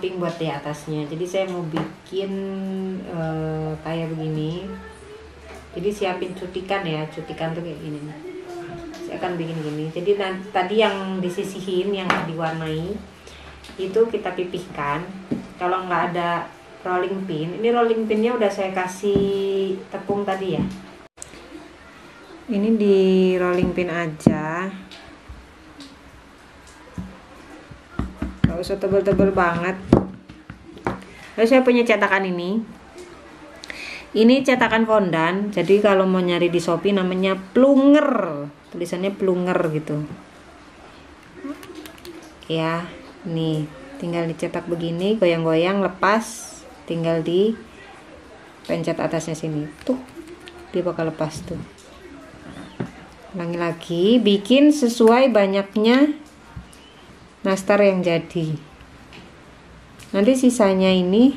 topping buat di atasnya jadi saya mau bikin uh, kayak begini jadi siapin cutikan ya cutikan tuh kayak gini saya akan bikin gini jadi nanti, tadi yang disisihin yang diwarnai itu kita pipihkan kalau nggak ada rolling pin ini rolling pinnya udah saya kasih tepung tadi ya ini di rolling pin aja nggak usah tebel-tebel banget lalu saya punya cetakan ini ini cetakan fondan jadi kalau mau nyari di shopee namanya plunger tulisannya plunger gitu ya nih tinggal dicetak begini goyang-goyang lepas tinggal di pencet atasnya sini tuh dia bakal lepas tuh ulangi lagi bikin sesuai banyaknya nastar yang jadi nanti sisanya ini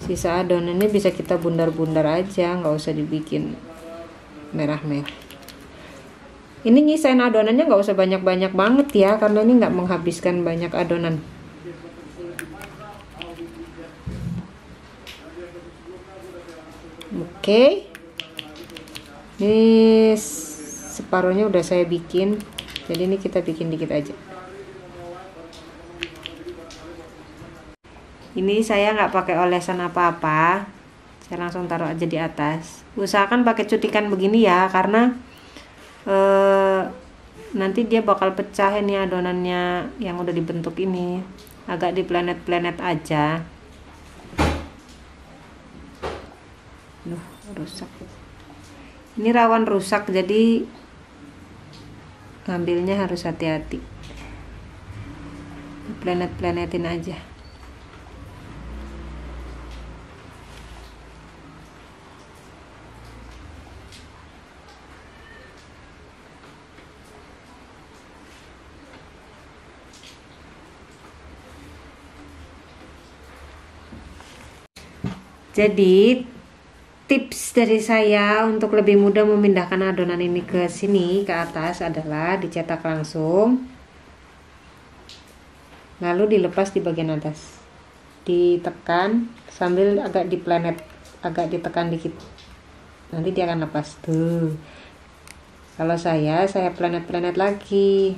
sisa adonannya bisa kita bundar-bundar aja nggak usah dibikin merah-merah ini nyisain adonannya nggak usah banyak-banyak banget ya karena ini nggak menghabiskan banyak adonan oke okay. ini separuhnya udah saya bikin jadi ini kita bikin dikit aja ini saya nggak pakai olesan apa-apa saya langsung taruh aja di atas usahakan pakai cutikan begini ya karena eh, nanti dia bakal pecah ini adonannya yang udah dibentuk ini agak di planet-planet aja Duh, rusak ini rawan rusak jadi ngambilnya harus hati-hati planet-planetin aja Jadi tips dari saya untuk lebih mudah memindahkan adonan ini ke sini ke atas adalah dicetak langsung lalu dilepas di bagian atas ditekan sambil agak di planet agak ditekan dikit nanti dia akan lepas tuh kalau saya saya planet-planet lagi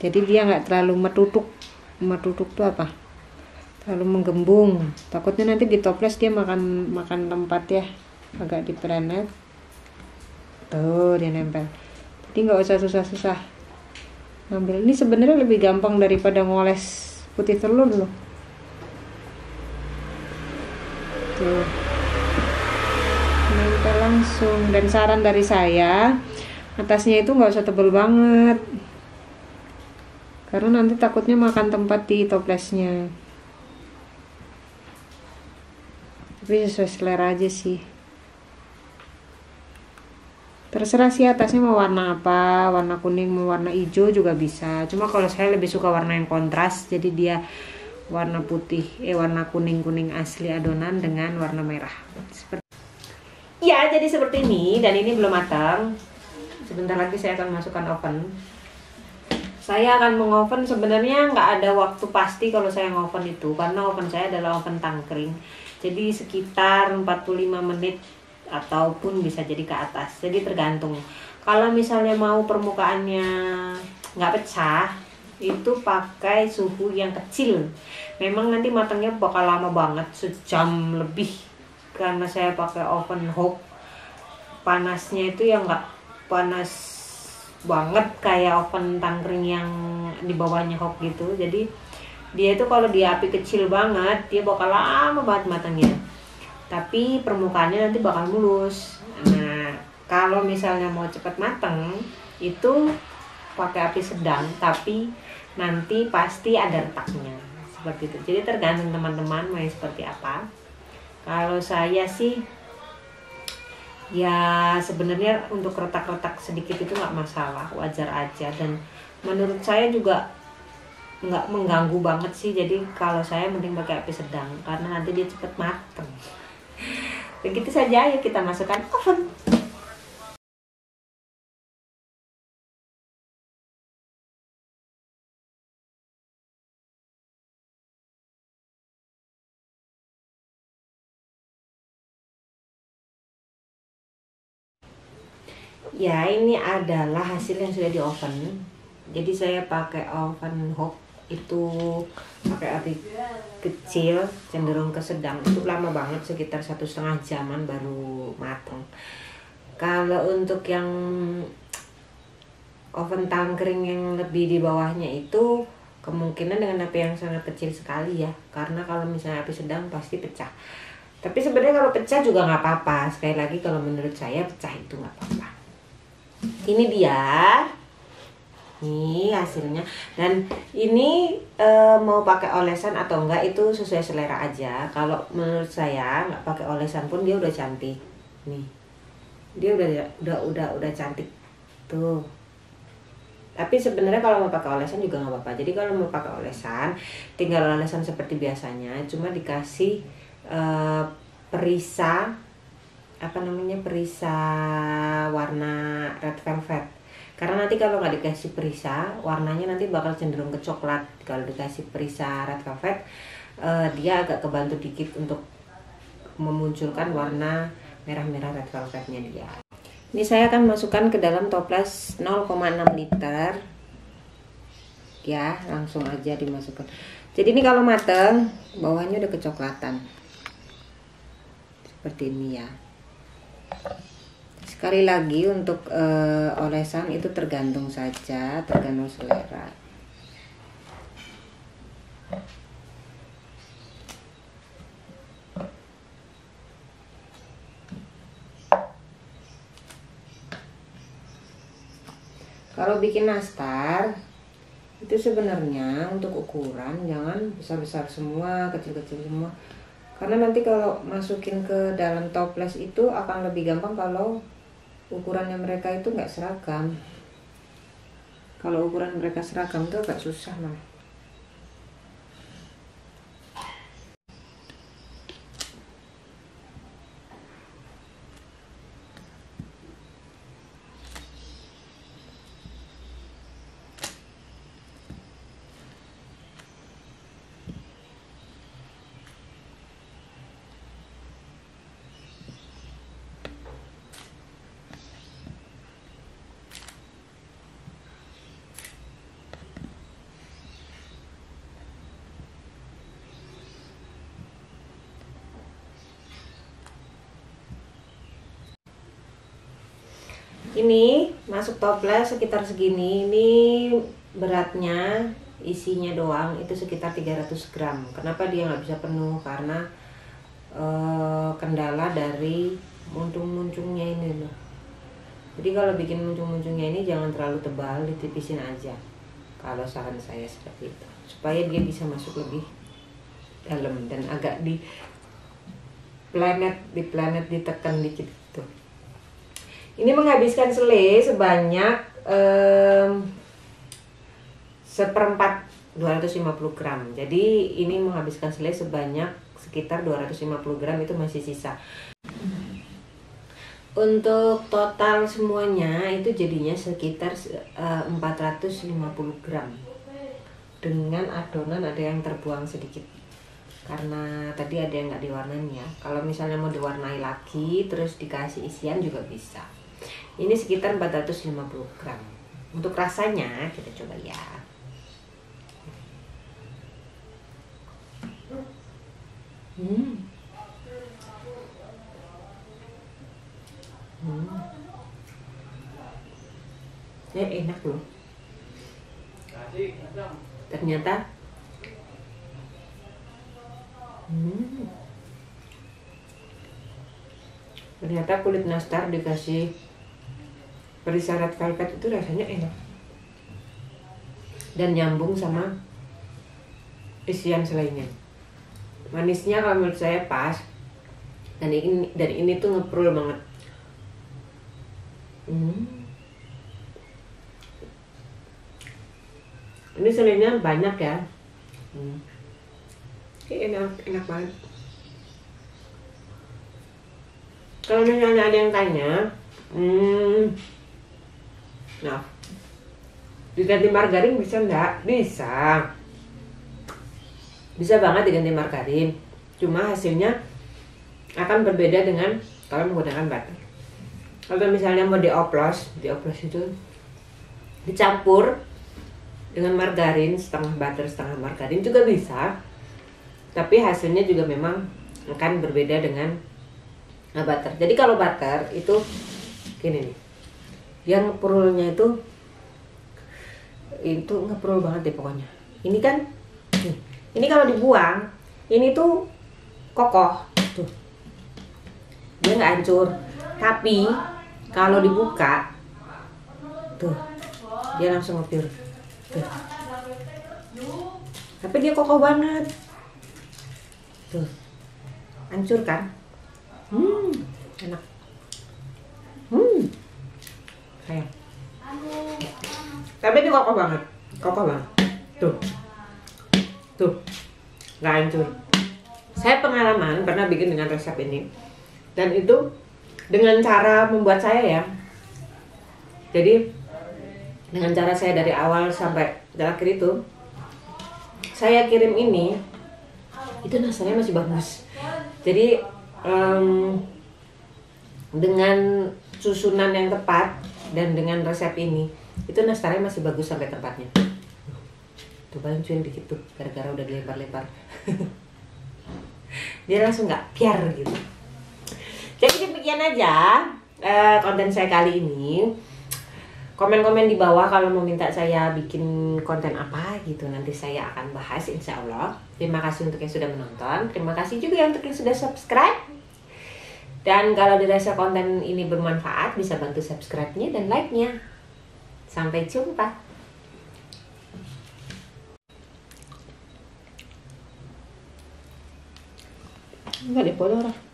jadi dia nggak terlalu metutuk metutuk tuh apa terlalu menggembung takutnya nanti di toples dia makan makan tempat ya agak di diperenet tuh dia nempel jadi nggak usah susah-susah ngambil ini sebenarnya lebih gampang daripada ngoles putih telur loh tuh nempel langsung dan saran dari saya atasnya itu nggak usah tebel banget karena nanti takutnya makan tempat di toplesnya tapi sesuai selera aja sih terserah sih atasnya mau warna apa warna kuning mau warna hijau juga bisa cuma kalau saya lebih suka warna yang kontras jadi dia warna putih eh warna kuning kuning asli adonan dengan warna merah seperti ya jadi seperti ini dan ini belum matang sebentar lagi saya akan masukkan oven saya akan mengoven sebenarnya nggak ada waktu pasti kalau saya ngoven itu karena oven saya adalah oven tangkring jadi sekitar 45 menit ataupun bisa jadi ke atas jadi tergantung kalau misalnya mau permukaannya nggak pecah itu pakai suhu yang kecil memang nanti matangnya bakal lama banget sejam lebih karena saya pakai oven hook panasnya itu yang nggak panas banget kayak oven tangkring yang di bawahnya hook gitu jadi dia itu kalau di api kecil banget dia bakal lama banget matangnya tapi permukaannya nanti bakal mulus nah kalau misalnya mau cepat mateng, itu pakai api sedang tapi nanti pasti ada retaknya seperti itu jadi tergantung teman-teman mau yang seperti apa kalau saya sih ya sebenarnya untuk retak-retak sedikit itu nggak masalah wajar aja dan menurut saya juga nggak mengganggu banget sih jadi kalau saya mending pakai api sedang karena nanti dia cepet mateng begitu saja ya kita masukkan oven ya ini adalah hasil yang sudah di oven jadi saya pakai oven hook itu pakai api kecil cenderung ke sedang itu lama banget sekitar satu setengah jaman baru matang kalau untuk yang oven tangkring yang lebih di bawahnya itu kemungkinan dengan api yang sangat kecil sekali ya karena kalau misalnya api sedang pasti pecah tapi sebenarnya kalau pecah juga nggak apa-apa sekali lagi kalau menurut saya pecah itu nggak apa-apa ini dia nih hasilnya dan ini e, mau pakai olesan atau enggak itu sesuai selera aja kalau menurut saya nggak pakai olesan pun dia udah cantik nih dia udah udah udah udah cantik tuh tapi sebenarnya kalau mau pakai olesan juga nggak apa-apa jadi kalau mau pakai olesan tinggal olesan seperti biasanya cuma dikasih e, perisa apa namanya perisa warna red velvet karena nanti kalau nggak dikasih perisa warnanya nanti bakal cenderung ke coklat kalau dikasih perisa red velvet uh, dia agak kebantu dikit untuk memunculkan warna merah-merah red velvetnya dia ini saya akan masukkan ke dalam toples 0,6 liter ya langsung aja dimasukkan jadi ini kalau mateng bawahnya udah kecoklatan seperti ini ya sekali lagi untuk uh, olesan itu tergantung saja tergantung selera kalau bikin nastar itu sebenarnya untuk ukuran jangan besar-besar semua kecil-kecil semua karena nanti kalau masukin ke dalam toples itu akan lebih gampang kalau ukurannya mereka itu nggak seragam kalau ukuran mereka seragam itu agak susah mah ini masuk toples sekitar segini ini beratnya isinya doang itu sekitar 300 gram kenapa dia nggak bisa penuh karena e, kendala dari muncung-muncungnya ini loh jadi kalau bikin muncung-muncungnya ini jangan terlalu tebal ditipisin aja kalau saran saya seperti itu supaya dia bisa masuk lebih dalam dan agak di planet di planet ditekan dikit gitu ini menghabiskan sele sebanyak um, seperempat 250 gram. Jadi ini menghabiskan sele sebanyak sekitar 250 gram itu masih sisa. Untuk total semuanya itu jadinya sekitar eh, uh, 450 gram. Dengan adonan ada yang terbuang sedikit. Karena tadi ada yang nggak diwarnain ya. Kalau misalnya mau diwarnai lagi terus dikasih isian juga bisa. Ini sekitar 450 gram. Untuk rasanya kita coba ya. Hmm. Hmm. Eh, enak loh. Ternyata hmm. Ternyata kulit nastar dikasih perisarat velvet itu rasanya enak dan nyambung sama isian selainnya manisnya kalau menurut saya pas dan ini dan ini tuh ngeprul banget hmm. ini selainnya banyak ya hmm. Ini enak enak banget kalau misalnya ada yang tanya hmm, Nah, diganti margarin bisa enggak? Bisa. Bisa banget diganti margarin. Cuma hasilnya akan berbeda dengan kalau menggunakan butter. Kalau misalnya mau dioplos, dioplos itu dicampur dengan margarin setengah butter setengah margarin juga bisa. Tapi hasilnya juga memang akan berbeda dengan nah, butter. Jadi kalau butter itu gini nih dia ngeprulnya itu itu ngeprul banget deh pokoknya ini kan ini kalau dibuang ini tuh kokoh tuh dia nggak hancur tapi kalau dibuka tuh dia langsung ngepir tuh tapi dia kokoh banget tuh hancur kan hmm enak hmm tapi ini kokoh banget kokoh banget tuh tuh Gak hancur saya pengalaman pernah bikin dengan resep ini dan itu dengan cara membuat saya ya jadi dengan cara saya dari awal sampai terakhir itu saya kirim ini itu nasanya masih bagus jadi um, dengan susunan yang tepat dan dengan resep ini itu nastarnya masih bagus sampai tempatnya tuh paling cuy dikit tuh gara-gara udah dilempar-lempar dia langsung nggak biar gitu jadi demikian aja eh, konten saya kali ini komen-komen di bawah kalau mau minta saya bikin konten apa gitu nanti saya akan bahas insya Allah terima kasih untuk yang sudah menonton terima kasih juga ya untuk yang sudah subscribe dan kalau dirasa konten ini bermanfaat, bisa bantu subscribe-nya dan like-nya. Sampai jumpa. Vale, puedo